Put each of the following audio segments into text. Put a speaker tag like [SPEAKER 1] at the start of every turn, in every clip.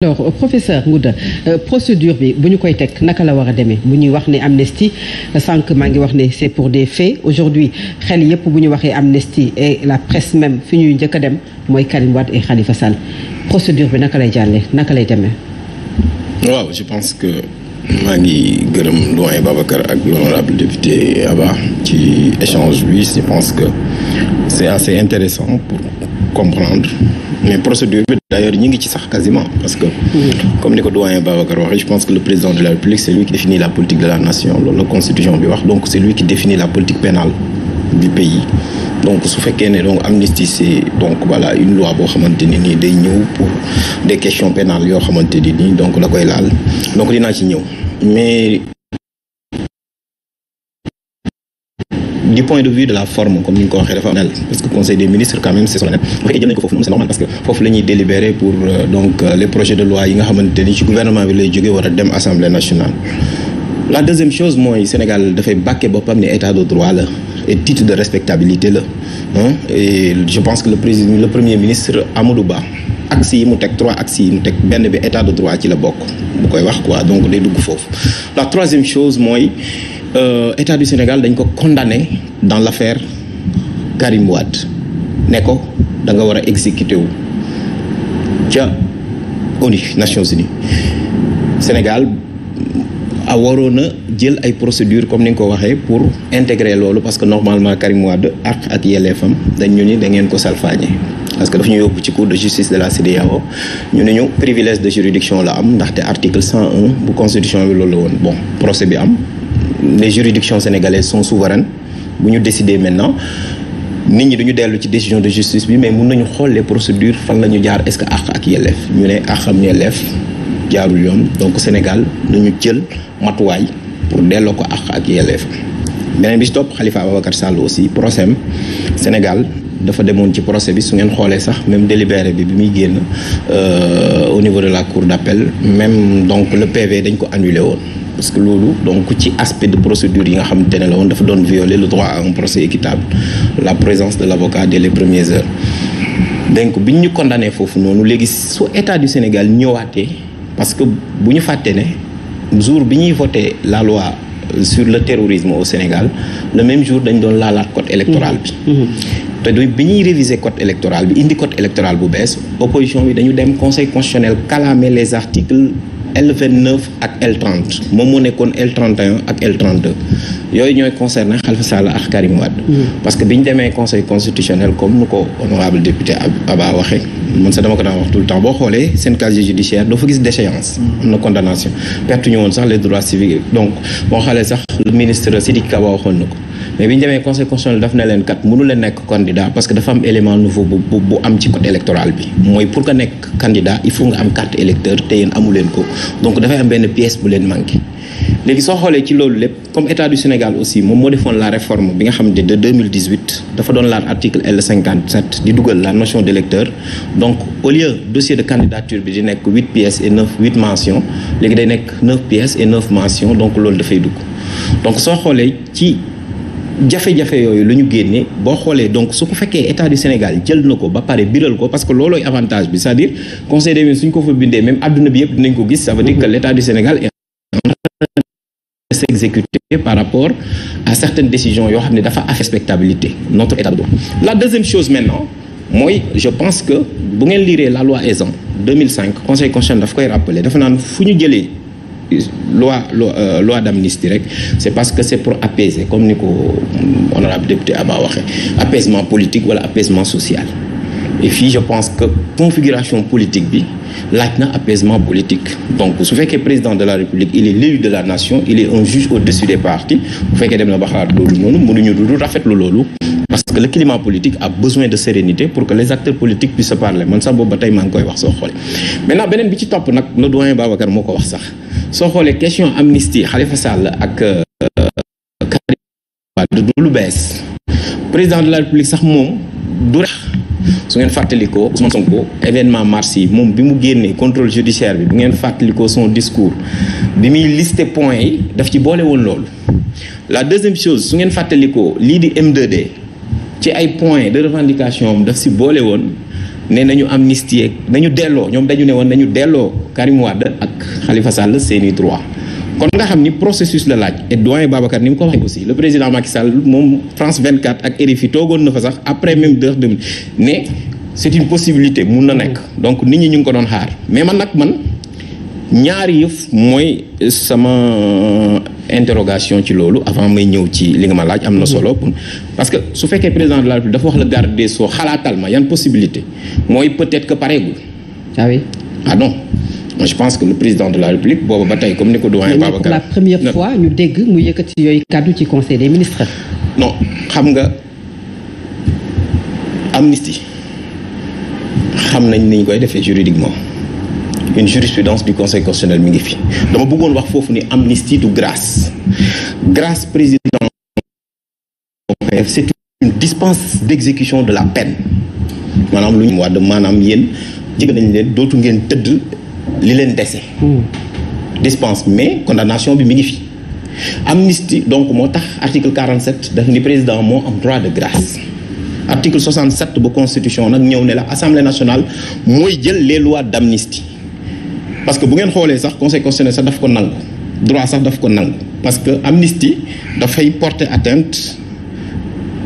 [SPEAKER 1] alors euh, professeur Ngouda euh, procédure bi bu ñu koy teg naka la war a demee bu ñuy wax ne amnistie sànq maa ngi wax ne c'est pour des faits aujourd'hui xel yépp bu ñu waxee amnistie et la presse même fi ñuy njëkk a dem mooy Karim Wade et Khalifa Sall procédure bi naka lay jàllee naka lay demee. waaw je pense que maa ngi gërëm doyen Babacar ak l'honorable député Aba ci échange bi je pense que c'est assez intéressant pour. comprendre mais procédure bi d'ailleurs ñi ngi ci sax quasiment parce que mm. comme ni ko doyen Babacar waxee je pense que le président de la République c'est lui qui définit la politique pénale du pays donc su fekkee ne donc amnistie c'est donc voilà une loi boo xamante ni nii day ñëw pour des questions pénales yoo xamante ni nii donc la koy laal donc dinaa ci ñëw mais du point de vue de la forme comme ni ñu ko waxee dafa am parce que conseil des ministres quand même c'est solennel bu ko foofu noonu c'est la ñuy délibérer pour euh, donc euh, les projets de loi yi nga xamante ni ci gouvernement bi lay jógee war a dem assemblée nationale la deuxième chose mooy Sénégal dafay bàkkee boppam ne état de droit la titre de respectabilité la et je pense que le président le premier ministre Amadou Ba axe yi mu teg trois axes yi mu teg benn bi état de droit ci la bokk bu koy wax quoi donc day dugg foofu la troisième chose mooy Euh, état du Sénégal dañ ko condamné dans l' affaire Karim Wade ne ko da nga war a exécuté wu ca ONU Nations Unies Sénégal a waroon a jël ay procédure comme ni nga ko waxee pour intégrer loolu parce que normalement Karim Wade ak ak yelleefam dañ ñu ni da ngeen ko salfaañe parce que daf ñu yóbbu ci cour de justice de la CEDEAO ñu ne ñu privilège de juridiction la am ndaxte article 101 bu constitution bi loolu la woon bon procès bi am les juridictions sénégalaises sont souveraines bu ñu décider maintenant nit ñi duñu dellu ci décision de justice bi mais mun nañu xool les procédures fan la ñu jaar est-ce que àq ak yelleef ñu ne àq am yelleef jaarul yoon donc Sénégal nañu jël matuwaay pour delloo ko àq ak yelleef beneen bi stop xalifa Khalifa Ababacar Sall aussi procès am Sénégal dafa demoon ci procès bi su ngeen xoolee sax même délibéré bi bi muy génn euh, au niveau de la cour d'appel même donc le PV dañ ko annulé woon parce que loolu donc ci aspect de procédure yi nga xamante ne la woon dafa doon violer le droit à un procès équitable la présence de l'avocat dès les premières heures donc bi ñu condamné foofu noonu léegi su état du Sénégal ñëwaatee parce que bu ñu fàtte ne jour bi ñuy voté la loi sur le terrorisme au Sénégal le même jour dañ doon laalaat code électoral bi mm-hmm. Mm-hmm. te du bi ñuy réviser code électoral bi indi code électoral bu bees opposition bi dañu dem L29 ak L30 moom moo nekkoon L31 ak L32 yooyu ñooy concerné Khalifa Sall ak Karim Wade mm. parce que bi ñu demee conseil constitutionnel comme nu ko honorable député Aba waxee man sax dama ko daan wax tout le temps boo xoolee seen casier judiciaire doo fa gis déchéance mm. am na condamnation pertu ñu woon sax les droits civiques donc boo xoolee sax le ministre Sidiki a waxoon na ko mais bi ñu demee conseil constitutionnel daf ne leen kat mënu leen nekk candidat parce que dafa am élément nouveau bu bu am ci code électoral bi mooy pour nga nekk candidat il faut nga am carte électeur te yéen amu leen ko donc dafay am benn pièce bu leen manqué léegi soo xoolee ci loolu lépp comme état du Sénégal aussi moom moo defoon la réforme bi nga xam ne de 2018 dafa doon laal article L57 di dugal la notion d'électeur donc au lieu dossier de candidature bi di nekk huit pièces et neuf huit mentions léegi day nekk neuf pièces et neuf mentions donc loolu dafay jafe-jafe yooyu lu ñu génne boo xoolee donc su ko fekkee état du Sénégal jël na ko ba pare biral ko parce que loolooy avantage bi c'est-à-dire conseil des ministres suñ ko fa bindee même bi yëpp dinañ ko gis ça veut dire que l'état du Sénégal est par rapport à certaines décisions yoo xam ne dafa affecté respectabilité notre état de droit la deuxième je pense que bu ngeen lire la loi Ezzan 2005 conseil constitutionnel daf koy rappeler dafa naan fu ñu jëlee loi euh, loi d'amnistie rek c'est parce que c'est pour apaiser comme ni ko honorable député Aba waxee apaisement politique wala apaisement social et fii je pense que configuration politique bi laaj na apaisement politique donc su fekkee président de la république il est l'élu de la nation il est un juge au-dessus des partis bu fekkee dem na ba xalaat loolu noonu mënuñu dudu rafetlu loolu parce que le climat politique a besoin de sérénité pour que les acteurs bi ci topp nag le doyen wax sax soo xoolee question amnistie Khalifa Sall ak euh, Karim Wade du lu bees président de la république sax moom du rex su ngeen fàttalikoo Ousmane Sonko événement mars yi moom bi mu génnee contrôle judiciaire bi bu ngeen fàttalikoo son discours bi muy listé points yi daf ci boole woon loolu la deuxième chose su ngeen fàttalikoo lii di m ci ay points de revendication daf si boole woon ne nañu amnistie nañu delloo ñoom dañu ne woon nañu delloo Karim Wade ak xalifa Sall seeni droit kon nga xam ni processus la laaj et doyen Babacar ni mu ko waxee aussi le président Macky Sall moom France 24 ak RFI toogoon na fa sax après même deux demi ne c'est une possibilité mun na nekk donc nit ñi ñu ngi ko doon xaar mais man nag man. ñaari yëf mooy sama interogation ci loolu avant may ñëw ci li nga ma laaj am na solo pour mhm. parce que su fekkee président de la République dafa wax la garde des sceaux xalaatal ma yan possibilité mooy peut-être que pareegul. ah oui ah non je pense que le président de la République booba ba tey comme ni ko doyen Babacar pour la première fois ñu dégg mu yëkkati yooyu kàddu ci conseil des ministres. non xam nga amnistie xam nañ ni ñu koy defee juridiquement. une jurisprudence du conseil constitutionnel mu ngi fi dama bëggoon wax foofu ni amnistie du grâce grâce président c'est une dispense d'exécution de la peine maanaam lu ñu wax de maanaam yéen jege nañ leen dootu ngeen tëdd li leen dese dispense mais condamnation bi mi ngi fi amnistie donc moo tax article 47 daf ni président moo am droit de grâce article 67 bu constitution nag ñëw ne la assemblée nationale mooy jël les lois d'amnistie parce que bu ngeen xoolee sax conseil constitutionnel sax daf ko nangu droit sax daf ko nangu parce que amnistie dafay porter attente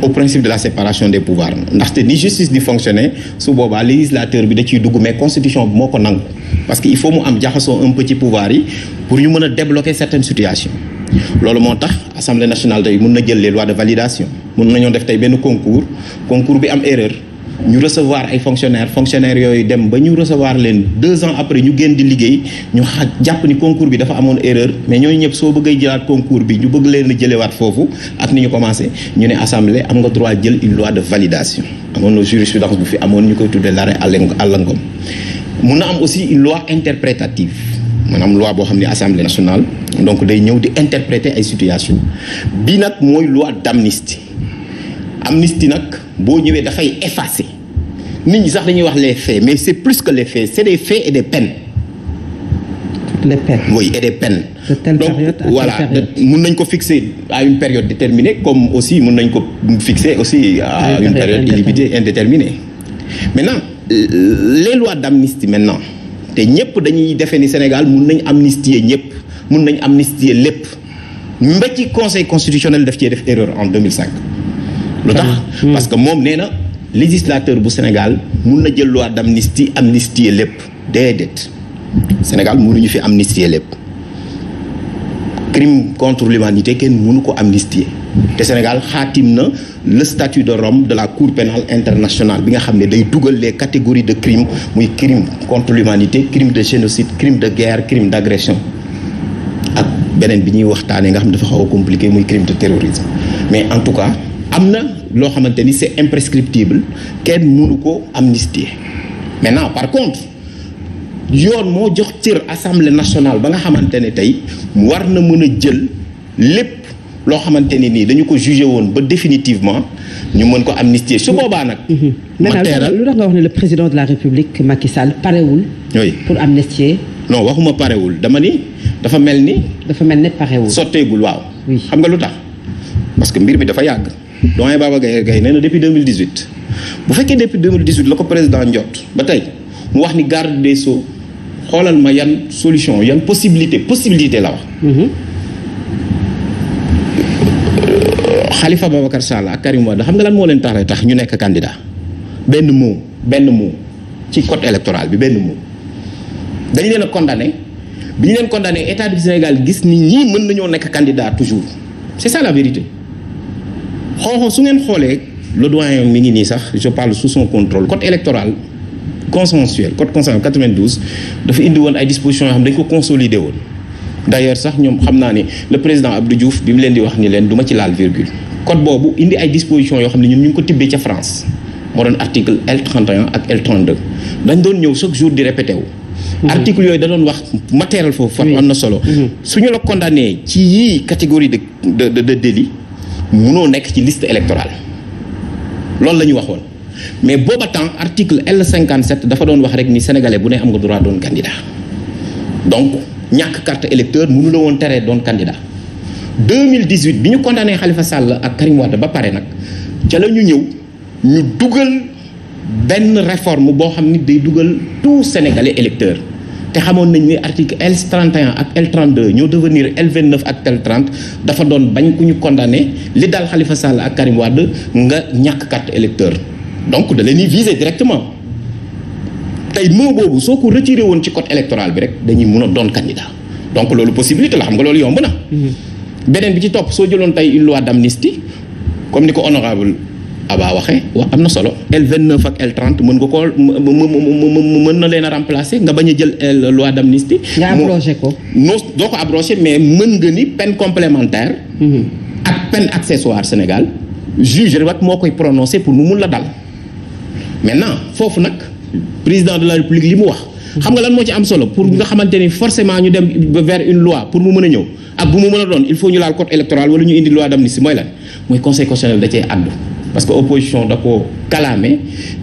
[SPEAKER 1] au principe de la séparation des pouvoirs ndaxte ni justice di fonctionner su boobaa législateur bi da ciy dugg mais constitution bi moo ko nangu parce que il faut mu am jaxasoo un peu ci pouvoir yi pour ñu mën a débloquer certaines situation loolu moo tax assemblée nationale day mun na jël les lois de validation mun nañoo def tey benn concours concours bi am erreur ñu recevoir ay fonctionnaires fonctionnaires yooyu dem ba ñu recevoir leen deux ans après ñu génn di liggéey ñu xa jàpp ni concours bi dafa amoon erreur mais ñooñu ñëpp soo bëggee jëlaat concours bi ñu bëgg leen a jëlewaat foofu ak ni ñu commencé ñu ne assemblée am nga droit jël une loi de validation amoon na jurisprudence bu fi amoon ñu koy tuddee l'arrêt àllangom mun na am aussi une loi interprétative maanaam loi boo xam ne assemblée nationale donc day ñëw di interpréter ay situation bi nag mooy loi d'amnistie amnistie nag boo ñëwee dafay effacer nit ñi sax dañuy wax les faits mais c'est plus que les faits c'est des faits et des peines. les peines oui et des de telle donc, période mun nañ ko fixer à une période déterminée comme aussi mun nañ ko fixer aussi à une, une période illimitée indéterminée. maintenant les lois d'amnistie maintenant te ñëpp dañuy defee ni Sénégal mun nañ amnistier ñëpp mun nañ amnistier lépp mba ci conseil constitutionnel daf cee def erreur en 2005. lu tax hmm. parce que moom nee na législateur bu Sénégal mun na jël loi d'amnistie amnistier lépp déedéet Sénégal mënuñu fi amnistier lépp crime contre l'humanité kenn munu ko amnistier te Sénégal xaatim na le statut de Rome de la Cour pénale internationale bi nga xam ne day dugal les catégories de crimes muy crime contre l'humanité crime de génocide crime de guerre crime d'agression ak beneen bi ñuy waxtaanee nga xam ne dafa xaw a compliqué muy crime de terrorisme mais en tout cas am na loo xamante ni c'est imprescriptible kenn mënu ko amnistier maintenant par contre yoon moo jox cër assemblée nationale ba nga xamante ne tey war na mën a jël lépp loo xamante ne nii dañu ko jugé woon ba définitivement ñu mën ko amnistier su boobaa nag. Mhm. ma teeral lu tax nga wax ne le président de la république Macky Sall parewul. oui pour amnistier. non waxuma parewul dama ni dafa mel ni. dafa mel ne parewul sotteegul waaw. xam nga lu tax parce que mbir mi dafa yàgg. doyen Baba Gaye Gaye nee na depuis 2018 bu fekkee depuis 2018 la ko président njot ba tey mu wax ni garde des sceaux xoolal ma yan solution yan possibilité possibilité la wax mhm. Khalifa Babacar Sall ak Karim Wade xam nga lan moo leen tax tax ñu nekk candidat benn moo benn mot ci code électoral bi benn mot dañu leen a condamné bi ñu leen condamné état du Sénégal gis ni ñi mën nañoo nekk candidat toujours c'est ça la vérité xooxoo su ngeen xoolee le doyen mi ngi nii sax je parle sous son contrôle code électoral consensuel code consensuel 92 dafa indi woon ay dispositions yoo xam dañ ko consolider woon d'ailleurs sax ñoom xam naa ne le président Abdou Diouf bi mu leen di wax ni leen du ma ci laal virgule code boobu indi ay dispositions yoo xam ne ñun ñu ngi ko tibbee ca France moo doon article L31 ak l dañ doon ñëw chaque jour di répété wu mhm. yooyu da doon wax matériel foofu fa am na solo mhm. suñu la condamné ci yii catégorie de de de munoo nekk ci liste électorale loolu la ñu waxoon mais booba temps article L57 dafa doon wax rek ni sénégalais bu ne am nga droit doon candidat donc ñàkk carte électeur mënu la woon teree doon candidat 2018 bi ñu condamné Khalifa Sall ak Karim Wade ba pare nag ca la ñu ñëw ñu dugal benn réforme boo xam ni day dugal tout sénégalais électeur te xamoon nañ ni article L 31 ak L 32 ñoo devenir L 29 ak L 30 dafa doon bañ ku ñu condamné li daal Khalifa Sall ak Karim Wade nga ñàkk carte électeur donc da leen di viser directement tey moo boobu soo ko retiré woon ci code électoral bi rek dañuy mun a doon candidat donc loolu possibilité la xam nga loolu yomb na. Mm-hmm. beneen bi ci topp soo jëloon tey une loi d'amnistie comme ni ko honorable Aba waxee wax am na solo L29 ak L30 mën nga koo mën na leen a remplacer nga bañ a jël euh, loi d'amnistie. nga abrogé ko. non doo ko abrogé mais mën nga ni peine complémentaire. Mm-hmm. ak peine accessoire Sénégal juge moo koy prononcé pour mu mun la dal maintenant foofu nag président de la wax. xam nga lan moo ci am solo pour nga xamante ni forcément ñu dem vers une a ñëw ak bu mu ñu laal code électoral wala ñu indi loi d'amnistie mooy conseil da cee àddu. parce que opposition da ko kalaame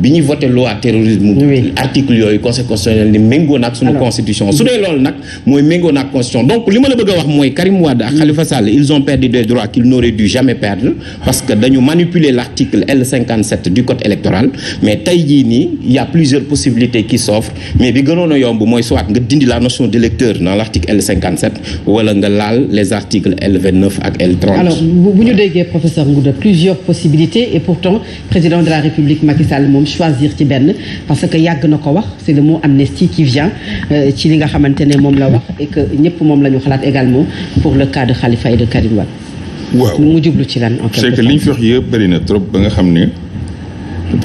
[SPEAKER 1] bi ñuy voté loi terrorisme article yooyu conseil constitutionnel ni méngoo naag suñu constitution su dee loolu nag mooy méngoo naag constitution donc li ma la bëgg a wax mooy Karim Wade ak hmm. Khalifa Sall ils ont perdu des droits qu'ils n'auraient dû jamais perdre parce que dañu manipuler l'article l du code électoral mais tey jii nii y a plusieurs possibilités qui s'offrent mais bi gënoon a yomb mooy soit nga dindi la notion L57 wala nga laal L29 L30 alors et pourtant président de la République Macky Sall moom choisir ci benn parce que yàgg na ko wax c'est le mot amnistie qui vient euh, ci li nga xamante ne moom la wax et que ñëpp moom la ñu xalaat également pour le cas de Khalifa et de Karim Wade. waaw mu jublu ci lan en quelque sorte c'est que li ñu fi wax yëpp bëri na trop ba nga xam ne.